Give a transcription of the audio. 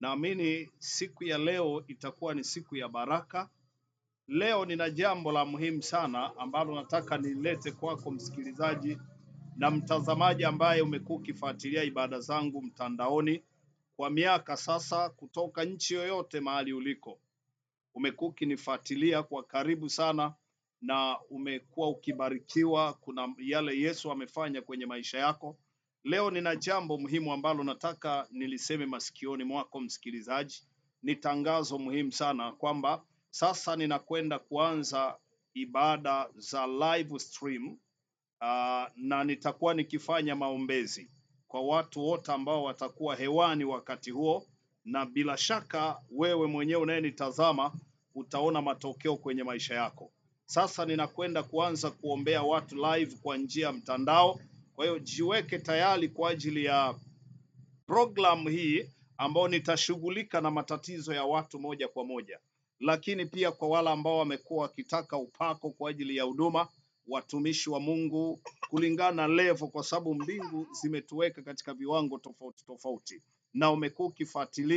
Naamini siku ya leo itakuwa ni siku ya baraka. Leo nina jambo la muhimu sana ambalo nataka nilete kwako msikilizaji na mtazamaji ambaye umekuwa ukifuatilia ibada zangu mtandaoni kwa miaka sasa, kutoka nchi yoyote mahali uliko, umekuwa ukinifuatilia kwa karibu sana na umekuwa ukibarikiwa. Kuna yale Yesu amefanya kwenye maisha yako, Leo nina jambo muhimu ambalo nataka niliseme masikioni mwako msikilizaji. Ni tangazo muhimu sana kwamba sasa ninakwenda kuanza ibada za live stream uh, na nitakuwa nikifanya maombezi kwa watu wote ambao watakuwa hewani wakati huo, na bila shaka wewe mwenyewe unayenitazama utaona matokeo kwenye maisha yako. Sasa ninakwenda kuanza kuombea watu live kwa njia ya mtandao kwa hiyo jiweke tayari kwa ajili ya program hii ambao nitashughulika na matatizo ya watu moja kwa moja, lakini pia kwa wale ambao wamekuwa wakitaka upako kwa ajili ya huduma, watumishi wa Mungu kulingana na levo, kwa sababu mbingu zimetuweka katika viwango tofauti tofauti, na umekuwa ukifuatilia